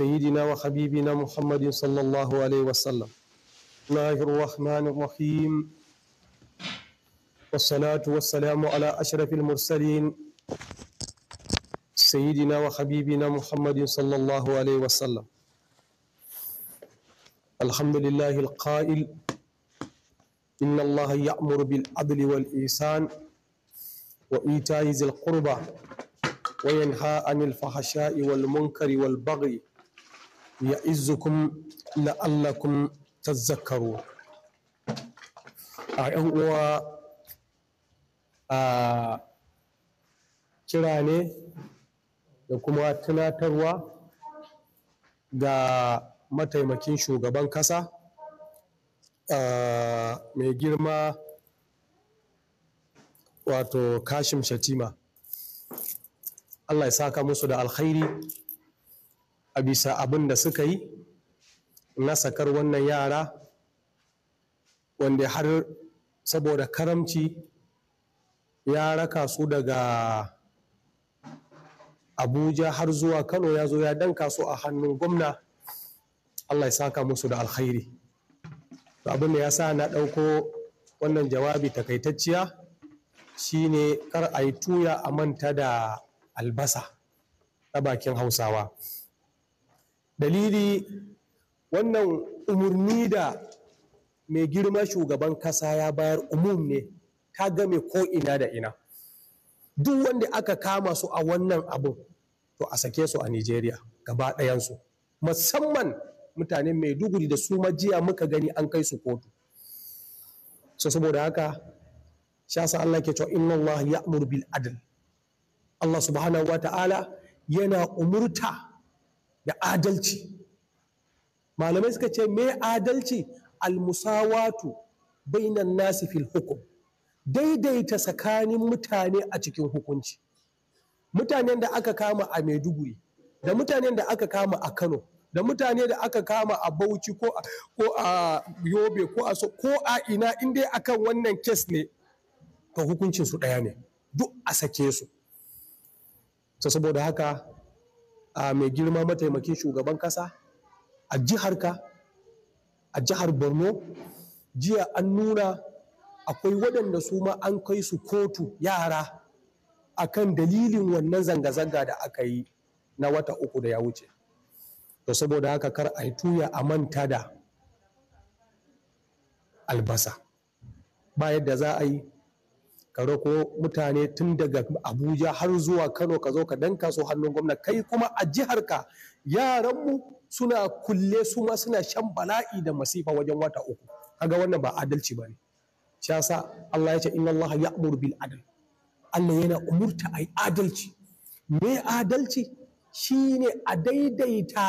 سيدنا وحبيبنا محمد صلى الله عليه وسلم بسم الله الرحمن الرحيم والصلاة والسلام على أشرف المرسلين سيدنا وحبيبنا محمد صلى الله عليه وسلم الحمد لله القائل إن الله يأمر بالعدل والإحسان وإيتاء ذي القربى وينهى عن الفحشاء والمنكر والبغي ya'izzukum la'allakum tazakkaru a yan uwa a kira ne da kuma tunatarwa ga mataimakin shugaban kasa mai girma wato kashim shatima allah ya saka musu da alkhairi a bisa abin da suka yi na sakar wannan yara wanda har saboda karamci ya raka su daga abuja har zuwa kano ya zo ya danka su a hannun gwamna allah ya saka musu da alkhairi abin da ya sa na ɗauko wannan jawabi takaitacciya shine kar a yi tuya a manta da albasa ta bakin hausawa dalili wannan umurni da mai girma shugaban kasa ya bayar umum ne ka game ko ina da ina duk wanda aka kama su a wannan abu to a sake su a nigeria gaba ɗayansu musamman mutane mai duguri da su majiya muka gani an kai su kotu so saboda haka shasa allah ke cewa inna allah ya'mur bil adl allah subhanahu wa ta'ala yana umurta da adalci malamai suka ce me adalci almusawatu bainan nasi fil hukum daidaita tsakanin mutane a cikin hukunci mutanen da aka kama a maiduguri da mutanen da aka kama a kano da mutane da aka kama a bauchi ko a yobe ko a ko a ina inda dai akan wannan kes ne to hukuncin su ɗaya ne duk a sake su saboda haka a mai girma mataimakin shugaban kasa a jihar ka? a jihar borno jiya an nuna akwai waɗanda su ma an kai su kotu yara akan dalilin wannan zanga-zanga da aka yi na wata uku da ya wuce to saboda haka kar a tuya a manta da albasa ba yadda za a yi ka roko mutane tun daga abuja har zuwa kano ka zo ka danka so hannun gwamna kai kuma a jihar jiharka yaranmu suna kulle su ma suna shan bala'i da masifa wajen wata uku kaga wannan ba adalci ba ne shi yasa Allah ya ce inna Allah bil adal, Allah yana umurta ai adalci me adalci shine a daidaita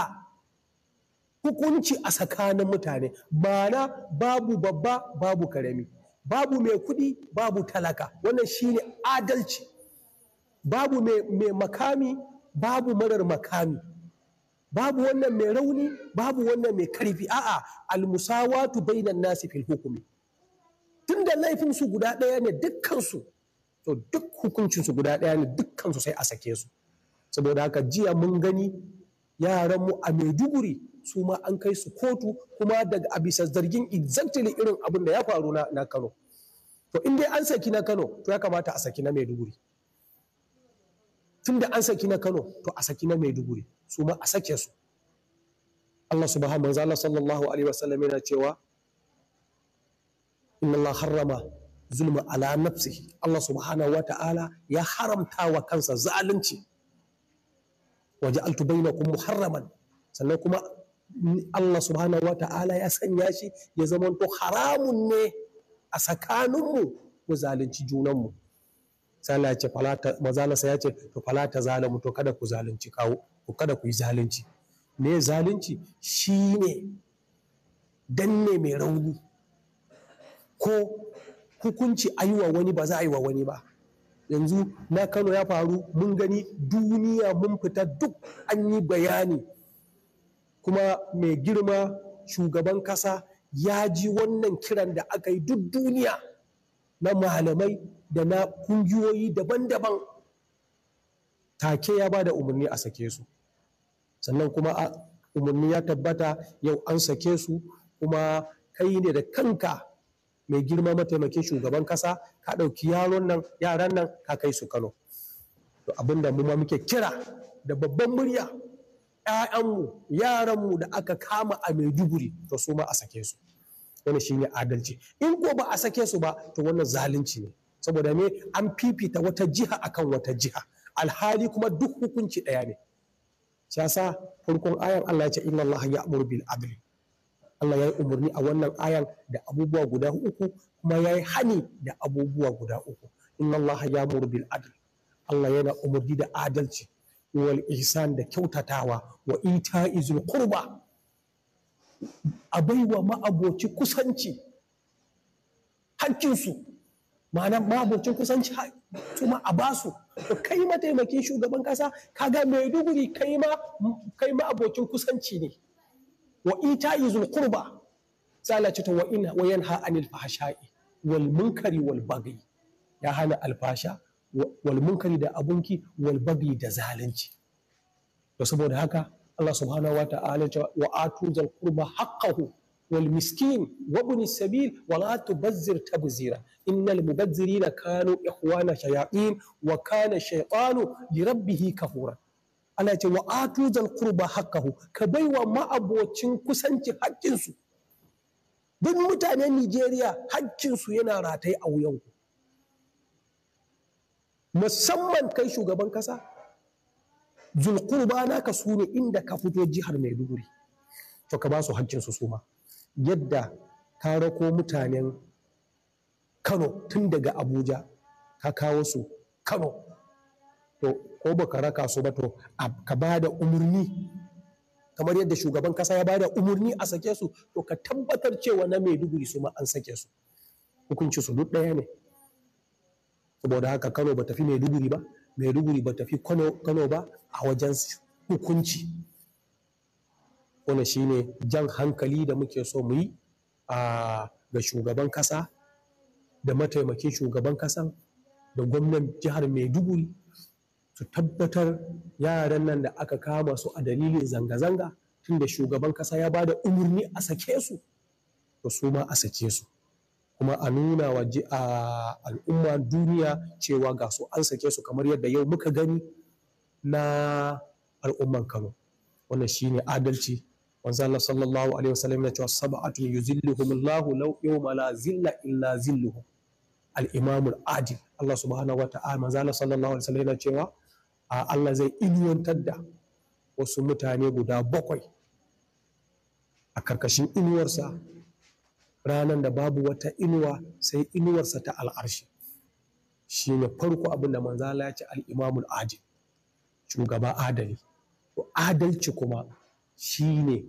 hukunci a tsakanin mutane ba na babu babba babu karami babu mai kuɗi babu talaka wannan shine adalci babu mai makami babu marar makami babu wannan mai rauni babu wannan mai karfi a'a almusawatu bainan nasi fil hukumi tunda laifin su guda ɗaya ne dukkan su to duk hukuncin su guda ɗaya ne dukkan su sai a sake su saboda haka jiya mun gani yaran mu a Maiduguri su ma an kai su kotu kuma daga a bisa zargin exactly irin abin da ya faru na, Kano to in dai an saki na Kano to ya kamata a saki na Maiduguri tunda an saki na Kano to a saki na Maiduguri su ma a sake su Allah subhanahu wa ta'ala sallallahu alaihi sallam yana cewa inna Allah harrama zulma ala nafsihi Allah subhanahu wa ta'ala ya haramta wa kansa zalunci wa ja'altu bainakum muharraman sannan kuma Allah subhanahu wa ta'ala ya sanya shi ya zama zamanto haramun ne a tsakaninmu mu zalunci junanmu sallah ce falata mazalasa ya ce to falata zalamu to kada ku zalunci kawo ku kada ku yi zalunci me zalunci shine danne mai rauni ko hukunci aiwa wani ba za a yi wa wani ba yanzu na Kano ya faru mun gani duniya mun fita duk an yi bayani kuma mai girma shugaban kasa ya ji wannan kiran da aka yi duk duniya na malamai da na kungiyoyi daban-daban take ya ba da umarni a sake su sannan kuma umarni ya tabbata yau an sake su kuma kai ne da kanka mai girma mataimakin shugaban kasa ka ɗauki yaron nan yaran nan ka kai su kano abinda mu ma muke kira da babban murya ‘ya'yanmu yaranmu da aka kama a maiduguri to su ma a sake su wani shine adalci in ko ba a sake su ba to wannan zalunci ne saboda ne an fifita wata jiha akan wata jiha alhali kuma duk hukunci ɗaya ne shasa farkon ayan Allah ya ce inna Allah ya amuru bil adli Allah ya yi umarni a wannan ayan da abubuwa guda uku kuma ya yi hani da abubuwa guda uku inna Allah ya amuru bil adli Allah yana umarni da adalci wal ihsan da kyautatawa wa ita'izul qurba a baiwa ma'aboci kusanci hakkinsu ma'ana ma'abocin kusanci kuma a basu Ka kai mataimakin shugaban kasa kaga maiduguri kai ma kai ma abokin kusanci ne wa ita'i zul qurba sala ta wa ina wa yanha anil fahsha'i wal munkari wal baghi ya hana alfasha wal munkari da abunki wal da zalunci to saboda haka Allah subhanahu wa ta'ala ce wa atu zal qurba haqqahu wal miskin wa ibn sabil wa la tubazzir tabzira innal mubazzirina kanu ikhwana shayatin wa kana shaytanu li rabbih kafura Allah ce wa atu zal qurba haqqahu ka baiwa ma'abocin kusanci haƙƙinsu duk mutanen Nijeriya haƙƙinsu yana ratai a wuyanku musamman kai shugaban kasa zulkurba ka su ne inda ka fito jihar maiduguri to ka ba su hancinsu su ma. yadda ka rako mutanen kano tun daga abuja ka kawo su kano to ko baka raka su ba to ka ba da umarni kamar yadda shugaban kasa ya ba da umarni a sake su to ka tabbatar cewa na maiduguri su ma an sake su hukunci su duk ɗaya ne saboda haka Kano ba tafi Maiduguri ba Maiduguri ba tafi Kano ba a wajen hukunci Wani shine jan hankali da muke so mu yi ga shugaban kasa da mataimakin shugaban kasan da gwamnan jihar Maiduguri su tabbatar yaran nan da aka kama su a dalilin zanga-zanga tunda shugaban kasa ya ba da umarni a sake su to su ma a sake su kuma a nuna wa al'umma duniya cewa ga su an sake su kamar yadda yau muka gani na al'umman Kano wannan shine adalci wanzu Allah sallallahu alaihi wasallam ya ce sab'atun yuzilluhumullahu law yawma la zilla illa zilluhum al-imam al-adil Allah subhanahu wa ta'ala manzo Allah sallallahu alaihi wasallam yana cewa Allah zai inuwantar da wasu mutane guda bakwai a karkashin inuwarsa ranar da babu wata inuwa sai inuwarsa ta al'arshi shi ne farko abin da manzala ya ce al'imamul adil shugaba adali to adalci kuma shi ne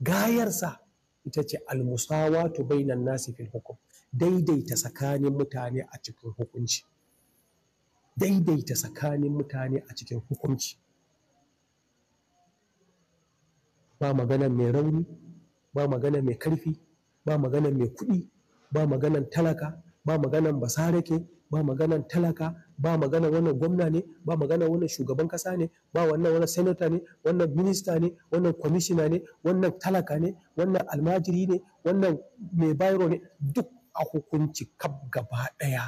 gayarsa ita ce almusawa almusawatu bainan nasi fil hukum daidaita tsakanin mutane a cikin hukunci daidaita tsakanin mutane a cikin hukunci ba magana mai rauni ba magana mai karfi ba maganan mai kuɗi ba maganan talaka ba maganan basarake ba maganan talaka ba maganan wannan gwamna ne ba maganan wannan shugaban kasa ne ba wannan wannan senator ne wannan minista ne wannan commissioner ne wannan talaka ne wannan almajiri ne wannan mai bayro ne duk a hukunci kaf gaba ɗaya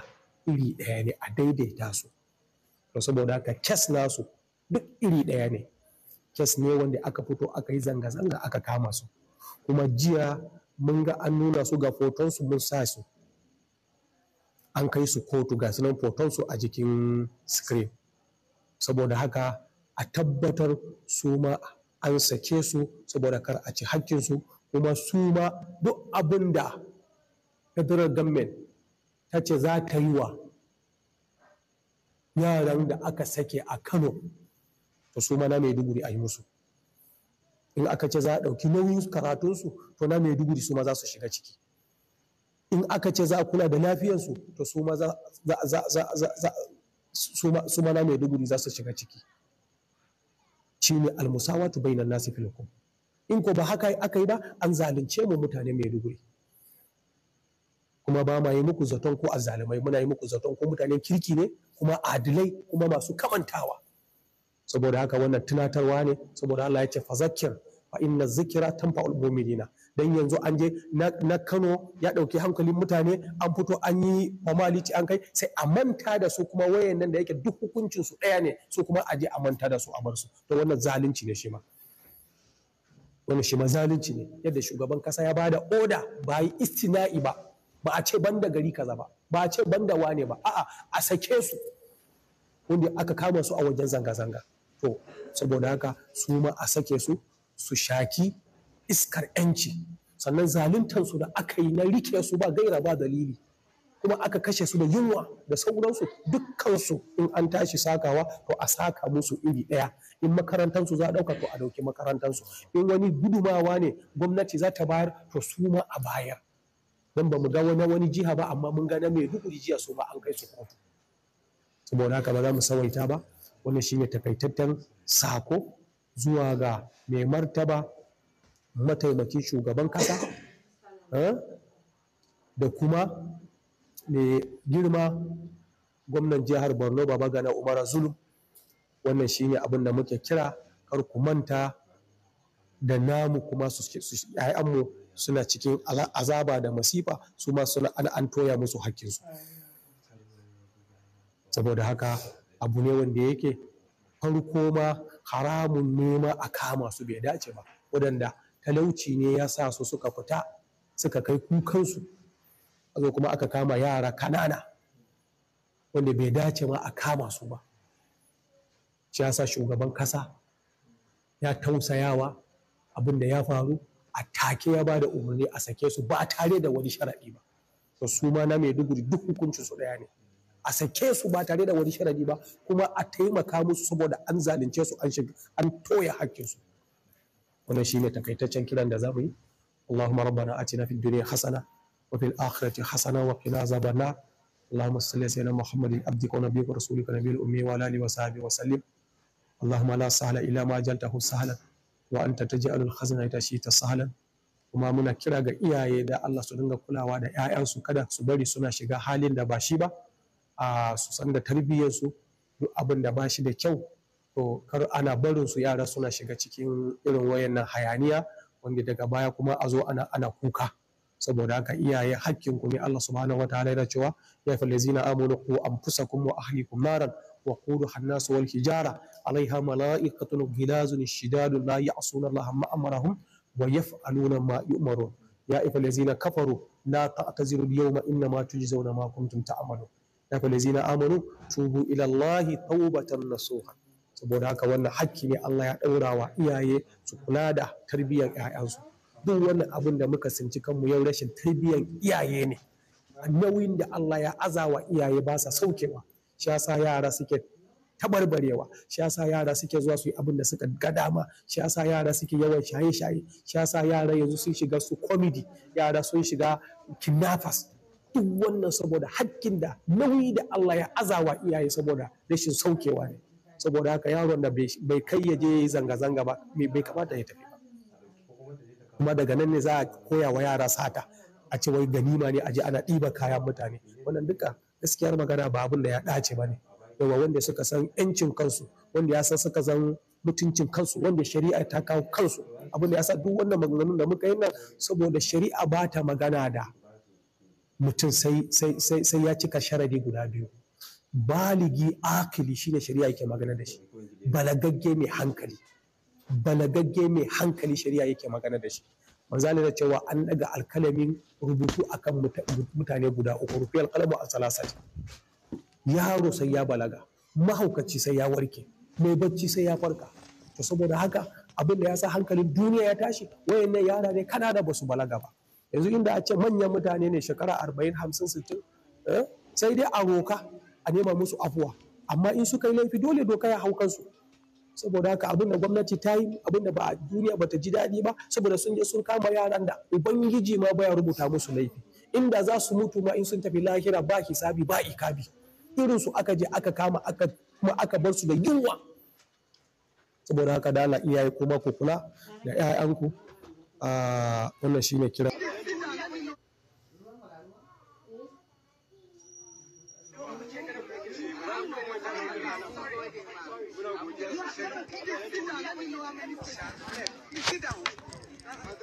iri ɗaya ne a daidaita su to saboda haka kes nasu duk iri ɗaya ne kes ne wanda aka fito aka yi zanga-zanga aka kama su kuma jiya mun ga an nuna su ga fotonsu mun sa su an kai su kotu ga sunan fotonsu a jikin screen saboda haka a tabbatar su ma an sake su saboda kar a ci hakkinsu kuma su ma duk abin da federal government ta ce za ta yi wa yaran da aka sake a kano to su ma na maiduguri a yi musu in aka ce za a ɗauki nauyin karatunsu to na duguri su ma za su shiga ciki in aka ce za a kula da lafiyansu to su ma su ma na za su shiga ciki shine almusawatu bainan nasi filikun in ko ba haka aka yi ba an zalunce mu mutane mai duguri kuma ba ma yi muku zaton ko azzalumai muna yi muku zaton ko mutanen kirki ne kuma adilai kuma masu kamantawa saboda haka wannan tunatarwa ne saboda Allah ya ce fazakir fa inna zikira tanfa'ul mu'minina dan yanzu an je na Kano ya dauki hankalin mutane an fito an yi formality an kai sai a manta da su kuma wayan nan da yake duk hukuncin su daya ne su kuma a je a manta da su a bar su to wannan zalunci ne shi ma wannan shi ma zalunci ne yadda shugaban kasa ya bada oda ba yi istina'i ba ba a ce banda gari kaza ba ba a ce banda wane ba a'a a sake su wanda aka kama su a wajen zanga-zanga to saboda haka su ma a sake su su shaki iskar yanci sannan zaluntar su da aka yi na rike su ba gaira ba dalili kuma aka kashe su da yunwa da sauransu dukkansu in an tashi sakawa to a saka musu iri ɗaya in makarantansu za a ɗauka to a ɗauki makarantansu in wani gudumawa ne gwamnati za ta bayar to su ma a bayar don ba mu ga wani wani jiha ba amma mun ga na mai duk jiya su ba an kai su kotu saboda haka ba za mu sawaita ba wannan ne takaitaccen sako zuwa ga mai martaba mataimakin shugaban kasa eh, da kuma mai girma gwamnan jihar borno baba gana umar zulum wannan shine abin da muke kira kar ku manta da namu kuma su mu suna cikin azaba da masifa su ma suna an toya musu hakkinsu saboda haka abu ne wanda yake farko ma haramun noma a kama su bai dace ba waɗanda talauci ne ya sa su suka fita suka kai kukansu zo kuma aka kama yara kanana wanda bai dace ma a kama su ba shi ya sa shugaban kasa ya tausayawa abin da ya faru a take ya ba da umarni a sake su ba tare da wani sharaɗi ba su ma na maiduguri duk hukuncin su ɗaya ne a sake su ba tare da wani sharadi ba kuma a taimaka musu saboda an zalunce su an shiga an toya hakkinsu wannan shine takaitaccen kiran da zamu yi Allahumma rabbana atina fid dunya hasana wa fil akhirati hasana wa qina azaban nar اللهم صل على سيدنا محمد عبدك ونبيك ورسولك نبي الأمي وعلى آله وصحبه وسلم اللهم لا سهل إلا ما جعلته سهلا وأنت تجعل الخزن shi ta سهلا kuma muna kira ga iyaye da Allah su dinga kulawa da 'ya'yansu kada su bari suna shiga halin da ba shi ba a su san da tarbiyyarsu duk abin da ba shi da kyau to kar ana barin su yara suna shiga cikin irin wayannan hayaniya wanda daga baya kuma a zo ana ana kuka saboda haka iyaye hakkin ku ne Allah subhanahu wataala yana cewa ya fa lazina amanu ku anfusakum wa ahlikum naran wa quduha hannasu nas wal hijara alaiha malaikatun gilazun shidadu la ya'suna Allah ma amarahum wa yaf'aluna ma yu'marun ya lazina kafaru la ta'tazirul yawma inna ma tujzauna ma kuntum ta'malun ya fi lazina amanu tubu ilallahi taubatan nasuha saboda haka wannan hakki ne Allah ya ɗaura wa iyaye su kula da tarbiyyar ƴaƴansu. duk wannan abin da muka sinci kanmu yau rashin tarbiyyar iyaye ne nauyin da Allah ya aza wa iyaye ba sa saukewa shi yasa yara suke tabarbarewa shi yasa yara suke zuwa su yi abin da suka ga dama shi yasa yara suke yawan shaye-shaye shi yasa yara yanzu sun shiga su comedy yara sun shiga kidnappers duk wannan saboda hakkin da nauyi da Allah ya azawa iyaye saboda rashin saukewa ne saboda haka yaron da bai kai ya je zanga-zanga ba bai kamata ya tafi ba kuma daga nan ne za a koya wa yara sata a ce wai ganima ne a je ana ɗiba kayan mutane wannan duka gaskiyar magana ba abin da ya dace ba ne yawa wanda suka san 'yancin kansu wanda ya san suka san mutuncin kansu wanda shari'a ta kawo kansu abin da ya sa duk wannan maganganun da muka yi nan saboda shari'a ba ta magana da mutum sai ya cika sharadi guda biyu baligi akili shine shari'a yake magana da shi balagagge mai hankali balagagge mai hankali shari'a yake magana da shi manzali da cewa an daga alkalamin rubutu akan mutane guda uku rufi alkalamu a salasat yaro sai ya balaga mahaukaci sai ya warke mai bacci sai ya farka to saboda haka abin da ya sa hankalin duniya ya tashi wayannan yara ne kana da basu balaga ba yanzu inda a ce manyan mutane ne shekara arba'in hamsin sittin eh, sai dai a roka a nema musu afuwa amma in suka yi laifi dole doka ya hau kansu saboda haka abin da gwamnati ta yi abin da ba duniya bata ji daɗi ba saboda sun je sun kama yaran da ubangiji ma baya rubuta musu laifi inda za su mutu ma in sun tafi lahira ba hisabi ba ikabi irin su aka je aka kama aka kuma aka bar su da yunwa saboda haka dala iyaye kuma ku kula da 'ya'yanku ah, wannan shine kira sit down. Let us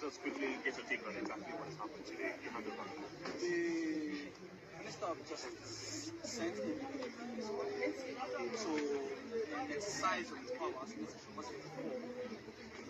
just, quickly get a take on exactly what's happened today this just sent him So, exercise his powers is what it's for.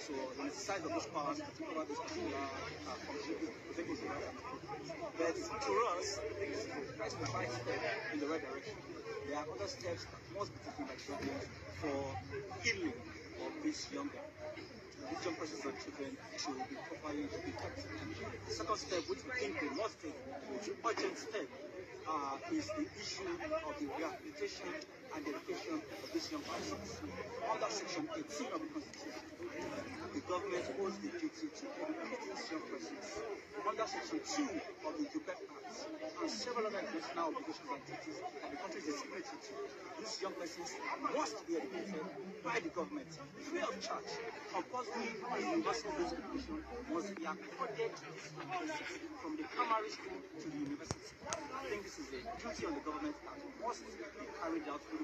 So on the side of this power, about this particular uh, the But to us, it's in the right direction. There are other steps that must be taken by children for healing of this young these young persons and children to be properly educated. The second step, which we think we must take, which urgent step, uh, is the issue of the rehabilitation education of these young persons. Under Section 18 of the Constitution, the government owes the duty to educate these young persons. Under Section 2 of the Quebec Act and several other international obligations and duties that the country is committed to, these young persons must be educated by the government free of charge. Compulsory university-based education must be accorded from the primary school to the university. I think this is a duty on the government that must be carried out through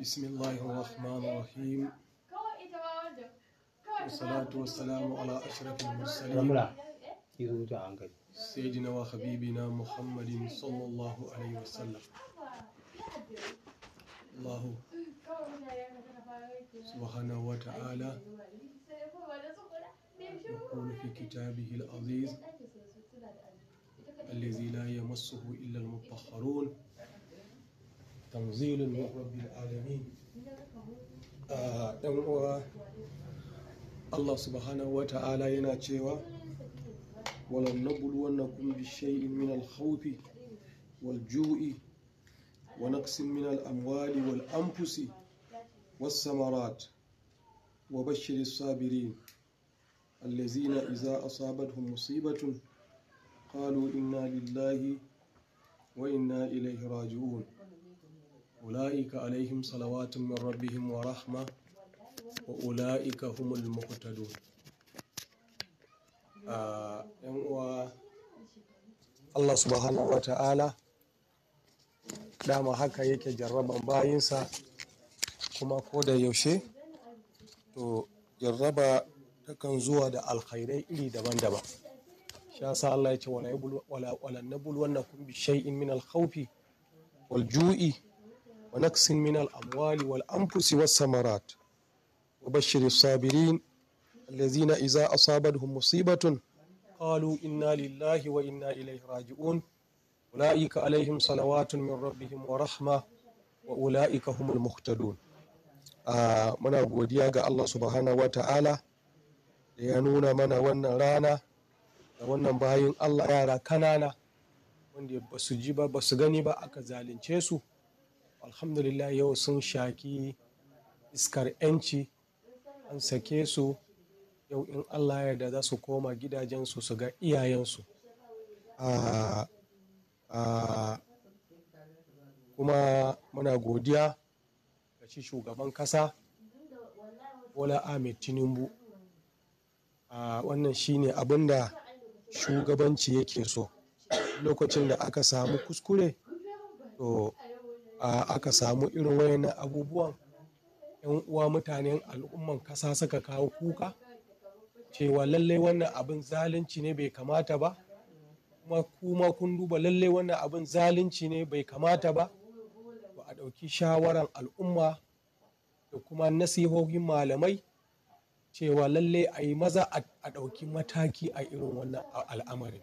بسم الله الرحمن الرحيم والصلاة والسلام على أشرف المرسلين سيدنا وحبيبنا محمد صلى الله عليه وسلم الله سبحانه وتعالى يقول في كتابه العزيز الذي لا يمسه إلا المطهرون Tanzilin min rabbil alamin dan uwa Allah subhanahu wa ta'ala yana cewa walan nabluwannakum bishay'in min al-khawfi wal-ju'i wa naqsin min al-amwali wal-anfusi was-samarat wa bashshiris sabirin allazina idza asabatuhum musibatun qalu inna lillahi wa inna ilayhi raji'un ula'ika alaihim salawatun min rabbihim wa rahma wa yan uwa Allah subhanahu wa ta'ala dama haka yake jarraban bayinsa kuma ko da yaushe to jarraba takan zuwa da alkhairai iri daban-daban sha sa Allah ya ce wala nabul wannan kun bi shay'in min alkhawfi wal ju'i ونقص من الأموال والأنفس والثمرات وبشر الصابرين الذين إذا أصابتهم مصيبة قالوا إنا لله وإنا إليه راجعون أولئك عليهم صلوات من ربهم ورحمة وأولئك هم المهتدون muna godiya ga Allah subhanahu wa ta'ala da ya nuna mana wannan rana da wannan bayan Allah yara kanana wanda ba su ji ba ba su gani ba aka zalunce su alhamdulillah yau sun shaki iskar 'yanci an sake su yau in allah yarda za su koma gidajensu su ga iyayensu ah, ah, kuma muna godiya ga shi shugaban kasa bola ahmed tinubu ah, wannan shine abin da shugabanci yake so lokacin da aka samu kuskure to aka samu irin wayannan abubuwan yan uwa mutanen al'umman kasa suka kawo kuka cewa lallai wannan abin zalunci ne bai kamata ba kuma kuma kun duba lallai wannan abin zalunci ne bai kamata ba ba a ɗauki shawaran al'umma da kuma nasihohin malamai cewa lallai a yi maza a ɗauki mataki a irin wannan al'amarin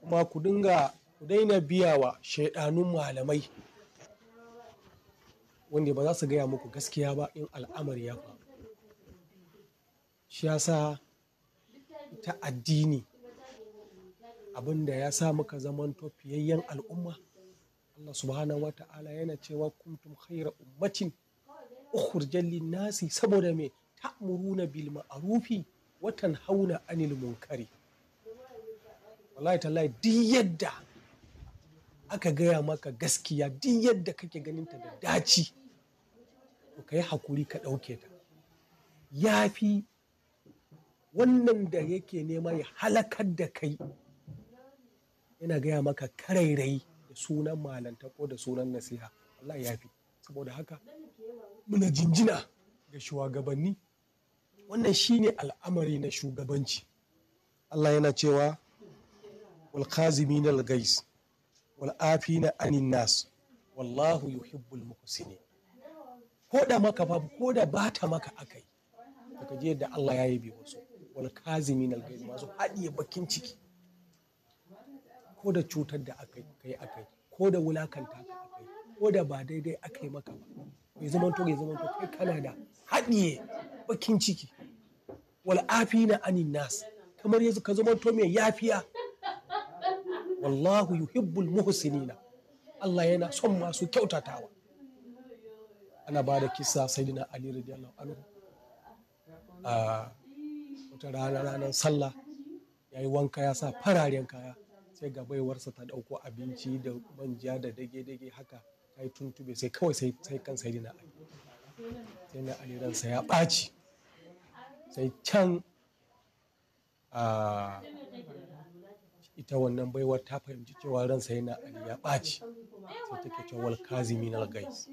kuma ku dinga ku daina biya wa shaidanun malamai wanda ba za su gaya muku gaskiya ba in al'amari ya faru shi sa ta addini abinda ya sa muka zamanto fiyayyen al'umma Allah subhanahu wa ta'ala yana cewa kuntum khaira ummatin ukhrijal nasi saboda me ta'muruna bil ma'rufi wa tanhauna anil munkari wallahi tallahi duk yadda aka gaya maka gaskiya duk yadda kake ganin ta da daci to ka hakuri ka ɗauke ta Yafi wannan da yake nema ya halakar da kai yana gaya maka karairayi da sunan malanta ko da sunan nasiha Allah ya fi saboda haka muna jinjina ga shugabanni wannan shine al'amari na shugabanci Allah yana cewa walƙazimin al-gais wal'afina anin nas wallahu yuhibbul muhsinin ko da maka babu ko da bata maka akai ka je da Allah ya yi biyu wasu wal kazimin al gari masu hadiye bakin ciki ko da cutar da akai kai akai ko da wulakanta ka akai ko da ba daidai akai maka ba mai zaman to mai zaman to kai kana da hadiye bakin ciki wal afina anin nas kamar yanzu ka zaman to mai yafiya wallahu yuhibbul muhsinina Allah yana son masu kyautatawa ana ba da kisa sayyidina ali radiyallahu anhu a wata rana ranar sallah yayi wanka ya sa fararen kaya sai ga baiwarsa ta dauko abinci da manja da dage-dage haka ta yi tuntube sai kawai sai kan sayyidina ali sayyidina ali ransa ya ɓaci sai can a ita wannan baiwar ta fahimci cewa ransa yana ali ya ɓaci sai take cewa wal kazimi na gais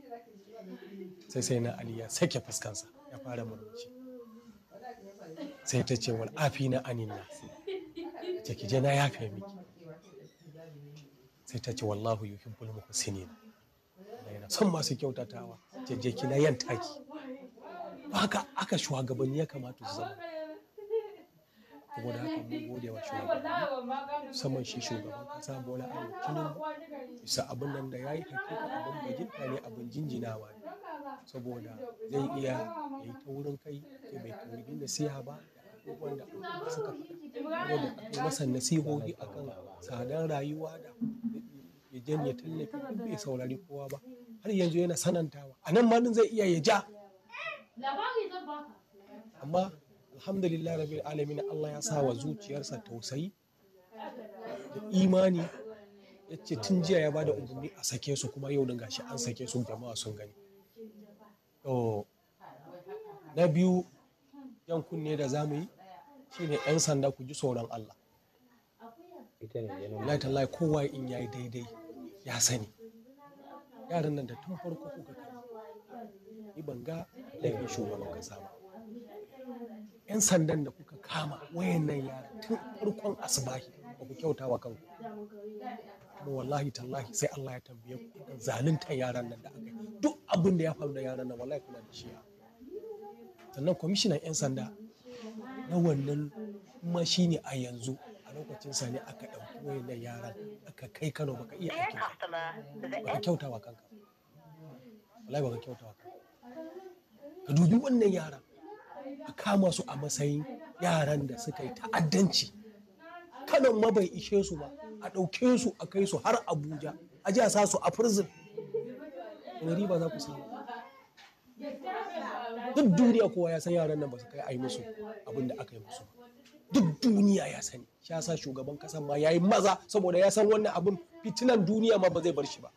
sai sai na ali ya sake fuskansa ya fara murmushi sai ta ce wal afi na ta ki je na yafe miki sai ta ce wallahu yuhibbul muhsinin yana son masu kyautatawa je je kina yan taki haka aka shugabanni ya kamata su zama saboda haka mun gode wa shugabanni musamman shi shugaban kasa bola ahmed tinubu bisa abin nan da yayi hakika abin bajinta ne abin jinjinawa ne saboda zai iya ya yi taurin kai ya bai da nasiha ba abubuwan da suka faɗa saboda masa nasihohi akan tsadar rayuwa da ya janye tallafi bai saurari kowa ba har yanzu yana sanantawa a nan ma zai iya ya ja amma alhamdulillah rabbil alamin Allah ya sa wa zuciyarsa tausayi da imani ya ce tun jiya ya bada umarni a sake su kuma yau da gashi an sake su jama'a sun gani na biyu yan kunne da za mu yi shine yan sanda ku ji tsoron Allah ta tallahi kowa in yayi daidai ya sani yaran nan da tun farko kuka kai ni ban ga laifin shugaban kasa ba 'yan sandan da kuka kama wayannan yara tun farkon asibahi ba ku kyauta wa kanku kuma wallahi tallahi sai Allah ya tambaye ku da zalunta yaran nan da aka yi duk abin da ya faru da yaran nan wallahi kuna da shi sannan kwamishinan 'yan sanda na wannan kuma shi ne a yanzu a lokacin sa ne aka ɗauki wayannan yaran aka kai Kano baka iya aiki baka kyauta wa kanka wallahi baka kyauta wa kanka ka dubi wannan yaran a kama su a matsayin yaran da suka yi ta'addanci kanan ma bai ishe su ba a ɗauke su a kai su har abuja a ji a sa su a prison wani riba za ku samu duk duniya kowa ya san yaran nan ba su kai a yi musu abin da aka yi musu duk duniya ya sani ya sa shugaban kasan ma ya yi maza saboda ya san wannan abin fitilan duniya ma ba zai bar shi ba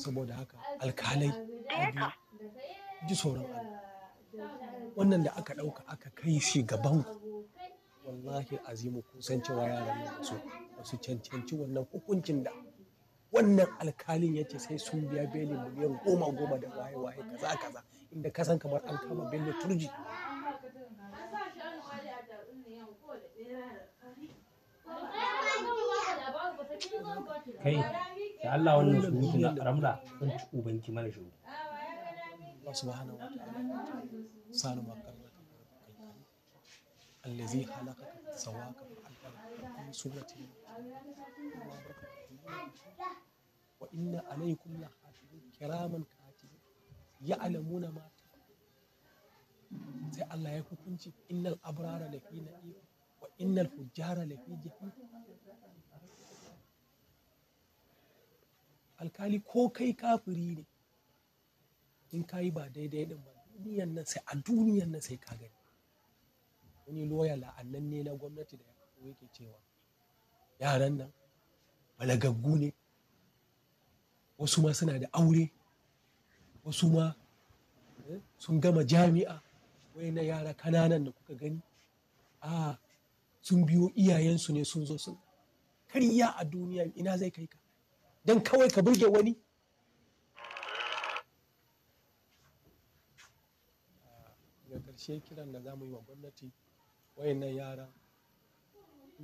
saboda haka alkalai ji tsoron wannan da aka ɗauka aka kai shi gaban wallahi azimu kun san cewa yaran nan su Wasu cancanci wannan hukuncin da wannan alkalin ya ce sai sun biya belin miliyan goma goma da waye waye kaza kaza inda ka san kamar an kama bello turji kai الله وانا سبوتنا رملا انت وبنتي ما نشو الله سبحانه وتعالى سالو ما قرنك الذي خلقك سواك سورتي وإن عليكم لحافظين كراما كاتبين يعلمون ما سي الله يكون إن الأبرار لفي نعيم وإن الفجار لفي جهنم alkali ko kai kafiri ne in ka ba daidai din ba duniyan nan sai a duniyan nan sai ka gani wani loya la'annan ne na gwamnati da yake cewa yaran nan balagaggu ne wasu ma suna da aure wasu ma eh, sun gama jami'a wai na yara kananan da kuka gani a sun biyo iyayensu ne sun zo sun karya a duniya ina zai kai ka don kawai ka burge wani da karshe kiran da za mu yi wa gwamnati wayannan yara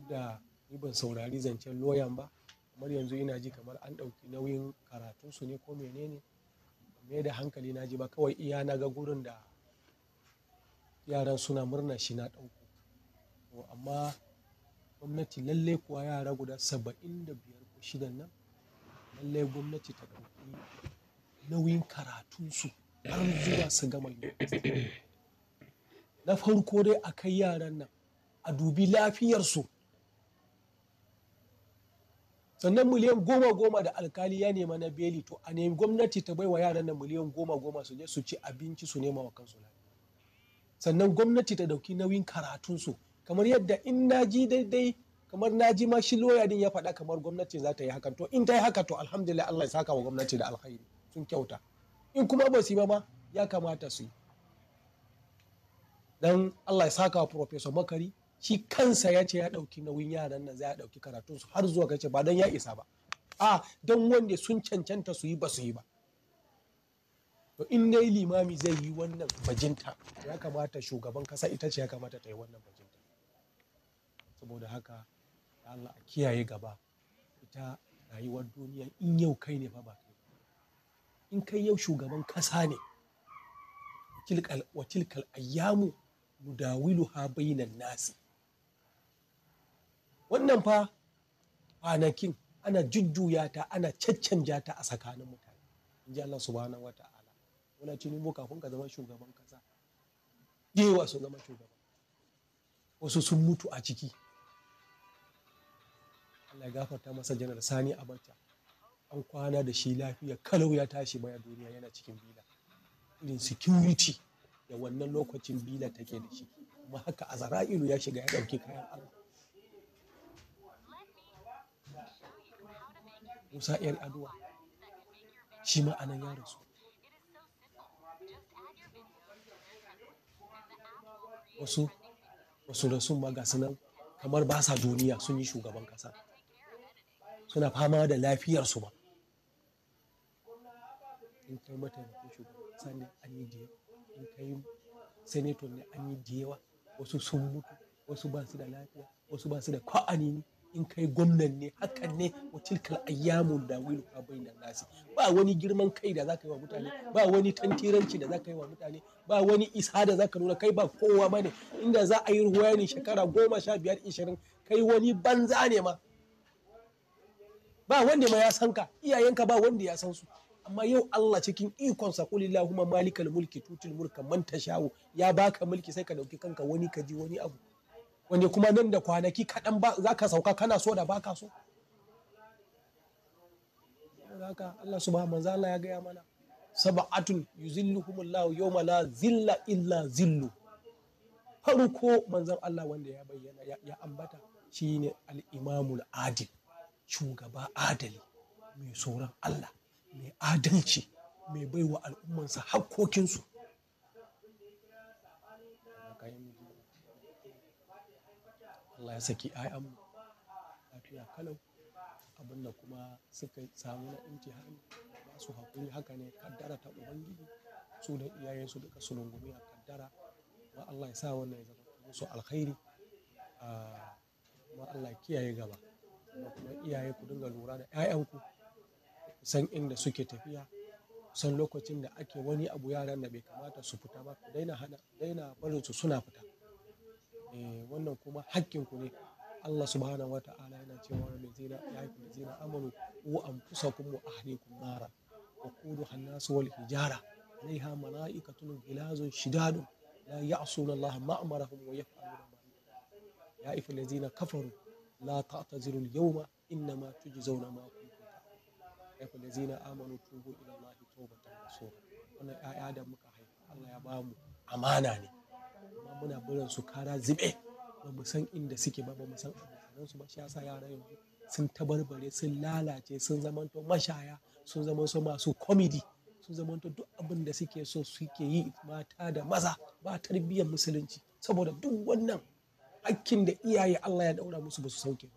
da ni ban saurari zancen loyan ba kamar yanzu ina ji kamar an ɗauki nauyin karatunsu ne ko menene me da hankali na ji ba kawai iya na ga gurin da yaran suna murna shi na ɗauko amma gwamnati lalle kuwa yara guda saba'in da biyar ko shidan nan lallai gwamnati ta ɗauki nauyin karatunsu har zuwa su gama na farko dai a kai yaran nan a dubi lafiyarsu sannan miliyan goma goma da alkali ya nema na beli to a nemi gwamnati ta baiwa yaran nan miliyan goma goma su je su ci abinci su nema wa kansu sannan gwamnati ta ɗauki nauyin karatunsu kamar yadda in na ji daidai kamar na ji ma shi loya din ya faɗa kamar gwamnati za ta yi hakan to in ta yi haka to alhamdulillah Allah ya saka wa gwamnati da alkhairi sun kyauta in kuma ba su yi ba ma ya kamata su yi dan Allah ya saka wa professor Makari shi kansa ya ce ya ɗauki nauyin yaran nan za ya ɗauki karatun su har zuwa kace ba dan ya isa ba a dan wanda sun cancanta su yi ba su yi ba to in dai limami zai yi wannan bajinta ya kamata shugaban kasa ita ce ya kamata ta yi wannan bajinta saboda haka Allah a kiyaye gaba ita rayuwar duniya in yau kai ne fa ba kai in kai yau shugaban kasa ne wa tilkal ayyamu nudawilu ha bainan nasi wannan fa kwanakin ana jujjuya ta ana caccanja ta a tsakanin mutane in ji Allah subhanahu wa ta'ala wala muka kafin ka zama shugaban kasa yewa su zama shugaban wasu sun mutu a ciki Allah ya gafarta masa janar sani a barca an kwana da shi lafiya kalau ya tashi baya duniya yana cikin bila irin security da wannan lokacin bila take da shi kuma haka a ya shiga ya ɗauki kayan Allah Musa ‘yan aduwa shi ma'anan ya rasu wasu wasu rasun ma ga kamar ba sa duniya sun yi shugaban kasa suna fama da lafiyarsu ba in kai mataimakin shugaban ne an yi da in kai senator ne an yi da wasu sun mutu wasu ba su da lafiya wasu ba su da kwa'ani ne in kai gwamnan ne hakan ne wa tilkal ayyamun da wani kwabai da nasi ba wani girman kai da zaka yi wa mutane ba wani tantiranci da zaka yi wa mutane ba wani isa da zaka nuna kai ba kowa bane inda za a yi ruwaya ne shekara goma sha biyar ishirin kai wani banza ne ma ba wanda ma ya san ka iyayenka ba wanda ya san su amma yau Allah cikin ikon sa kulli malikal mulki tutul mulka man ya baka mulki sai ka dauki kanka wani ka ji wani abu wanda kuma nan da kwanaki kaɗan ba za ka sauka kana so da baka so haka Allah subhanahu manzo Allah ya gaya mana sab'atun yuzilluhumullahu yawma la zilla illa zillu farko manzon Allah wanda ya bayyana ya ambata shine al-imamul adil shugaba adali mai tsoron Allah mai adalci mai baiwa al'ummansa hakkokinsu Allah ya saki ayan lafiya kalau abinda kuma suka samu na imtihani ba su hakuri haka ne kaddara ta ubangiji su da iyayensu duka su rungumi a kaddara ma Allah ya sa wannan ya zama musu alkhairi ah, ma Allah kiyaye gaba sannan kuma iyaye ku dinga lura da 'ya'yanku san inda suke tafiya san lokacin da ake wani abu yaran da bai kamata su fita ba ku daina hana daina barin su suna fita eh wannan kuma hakkin ku ne Allah subhanahu wata'ala yana cewa da zina ya yi da zina amanu ku anfusakum wa ahlikum nara wa quduha an wal hijara alaiha mala'ikatun gilazun shidadun la ya'suna Allah ma wa yaf'aluna ma ya lazina kafaru la ta'tazilu al-yawma innama tujzauna ma kuntum ta'malun lazina amanu tubu ila Allah tawbatan nasuha wannan ƴaƴa da muka haifa Allah ya bamu amana ne amma muna barin su kara zube ba mu san inda suke ba ba mu san abokan su ba shi yasa yara yanzu sun tabarbare sun lalace sun zamanto mashaya sun zamanto masu comedy sun zamanto duk abin da suke so suke yi mata da maza ba tarbiyyar musulunci saboda duk wannan hakkin da iyaye Allah ya daura musu ba su sauke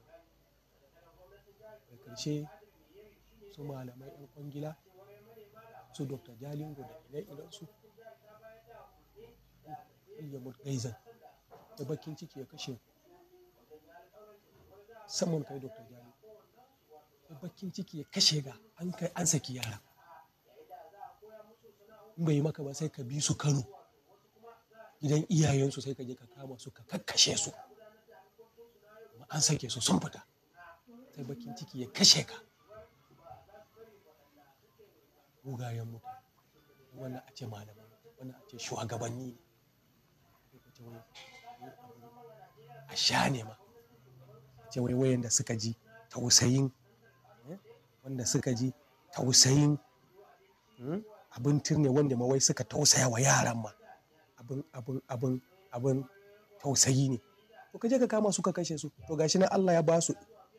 da karshe su malamai yan kwangila su dr jalingo da ire idan su ya gaizan da bakin ciki ya kashe saman kai dr jalingo da bakin ciki ya kashe ga an kai an saki yara bai maka ba sai ka bi su kano gidan iyayensu sai ka je ka kama su ka kakkashe su an sake su sun fita sai bakin ciki ya kashe ka mugayen mutane wanda a ce malamai wannan a ce shugabanni ne a sha ne ma a ce wai wayanda suka ji tausayin eh, wanda suka ji tausayin hmm, abin turne wanda ma wai suka tausaya wa yaran ma abin abin abin abin tausayi ne to kaje ka kama su ka kashe su to gashi nan Allah ya ba su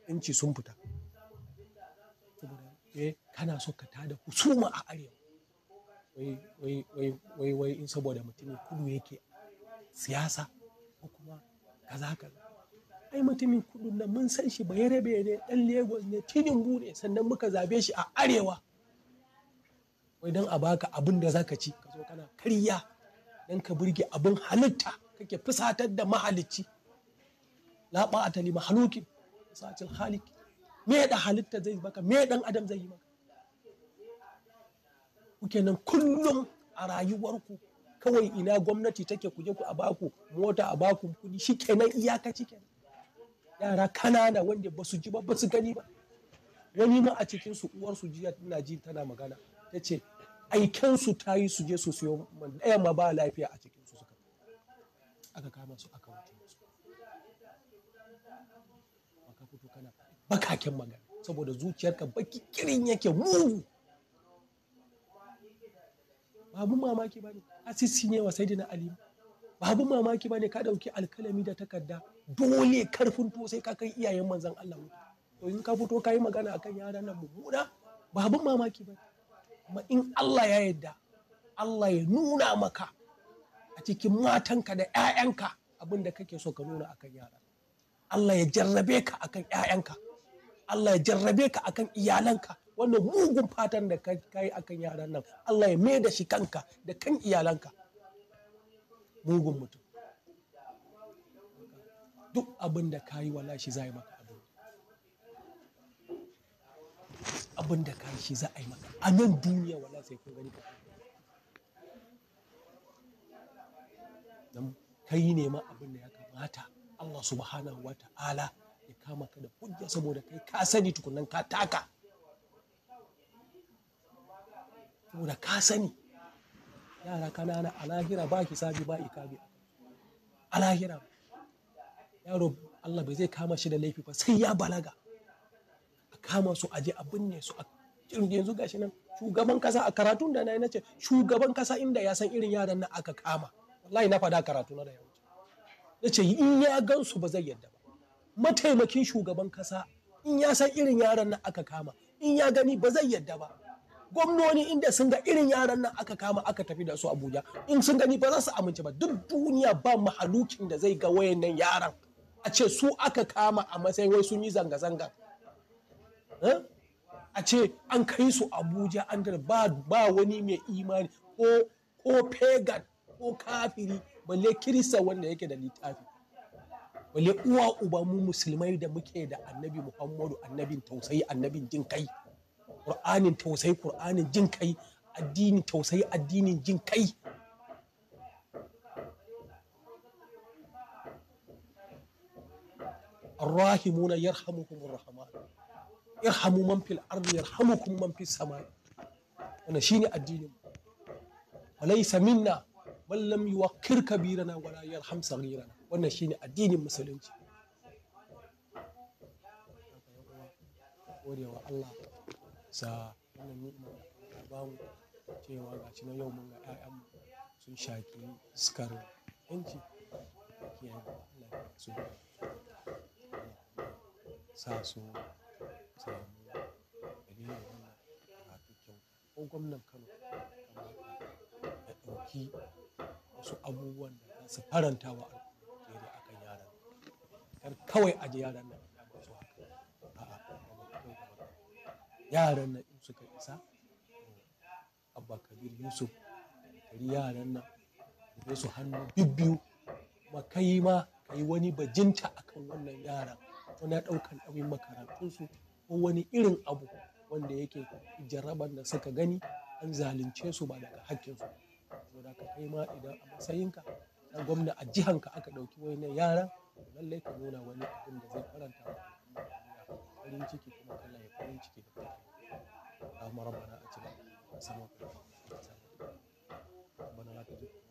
inci sun fita eh kana so ka tada husuma a arewa wai wai wai wai wai in saboda mutumin kudu yake siyasa ko kuma kaza kaza ai mutumin kudu nan mun san shi ba rabe ne dan Lagos ne Tinubu ne sannan muka zabe shi a arewa wai dan a baka abin da zaka ci ka zo kana karya don ka burge abin halitta kake fusatar da mahalicci la ba'ata li mahalukin, sa'atil khaliq me da halitta zai maka me dan adam zai yi maka kuke nan kullum a rayuwarku kawai ina gwamnati take kuje ku a baku mota a baku kudi shikenan iyaka cike. yara kanana wanda ba su ji ba ba su gani ba wani ma a cikin su uwar su jiya tana ji tana magana tace aiken su ta yi su je su siyo ɗaya ma ba lafiya a cikin su suka aka kama su aka wuce su baka fito kana bakaken magana saboda zuciyarka baki kirin yake mugu babu mamaki ba ne asisi ne wa saidina ali babu mamaki ba ka ɗauki alkalami da takarda dole karfin to sai ka kai iyayen manzan Allah to in ka fito ka magana akan yaran nan mummuna babu mamaki ba amma in Allah ya yarda Allah ya nuna maka a cikin matanka da 'ya'yanka abin da kake so ka nuna akan yara Allah ya jarrabe ka akan 'ya'yanka Allah ya jarrabe ka akan iyalanka wannan mugun fatan da ka yi akan yaran nan Allah ya mai da shi kanka da kan iyalanka mugun mutum duk abin da ka yi wala shi zai maka abin da ka shi za a yi maka a nan duniya wala sai kun gani ka dan kai ne ma abin da ya kamata Allah subhanahu wa ta'ala ya kama ka da hujja saboda kai ka sani tukunan ka taka saboda ka sani yara kanana a lahira ba sabi ba ikabi a yaro Allah bai zai kama shi da laifi ba sai ya balaga kama su aje a binne su a yanzu gashi nan shugaban kasa a karatun da na nace shugaban kasa inda ya san irin yaran nan aka kama wallahi na fada karatu na da yawa nace in ya gansu ba zai yadda ba mataimakin shugaban kasa in ya san irin yaran nan aka kama in ya gani ba zai yadda ba gwamnoni inda sun ga irin yaran nan aka kama aka tafi da su abuja in sun gani ba za su amince ba duk duniya ba mahalukin da zai ga wayannan yaran a ce su aka kama a matsayin wai sun yi zanga-zanga Eh? a ce an kai su abuja an ba, ba wani mai imani ko pagan ko kafiri balle kirista wanda yake da littafi balle uwa uba mu musulmai da muke da annabi muhammadu annabin tausayi annabin jin kai ƙur'anin tausayi ƙur'anin jin kai addinin tausayi addinin jin kai الراحمون irhamu man fil ardi yarhamukum man fis samai wannan shine addinin walaysa minna man lam yuwaqqir kabirana wala yarham saghirana wannan shine addinin musulunci godewa Allah sa wannan ni'ima ba mu cewa ga ci yau mun ga ƴaƴan mu sun shaki iskar yanci kiyaye Allah su so sa so Dalilin wannan karatu kyau. Gwamnan Kano ya ɗauki wasu abubuwan da za su faranta wa al'umma akan yaran nan. kawai aje yaran nan Yaran nan in suka isa Abba Kabir Yusuf kari yaran nan su hannu bibbiyu kuma kai ma ka wani bajinta akan wannan yaran. na ɗaukan abin makarantunsu ko wani irin abu wanda yake jaraban da suka gani an zalunce su ba daga hakkinsu saboda ka kai ma idan a matsayinka na gwamna a jihanka aka ɗauki wani yara lallai ka nuna wani abin da zai karanta wa farin ciki kuma Allah ya farin ciki da kai. Allahumma rabbana atina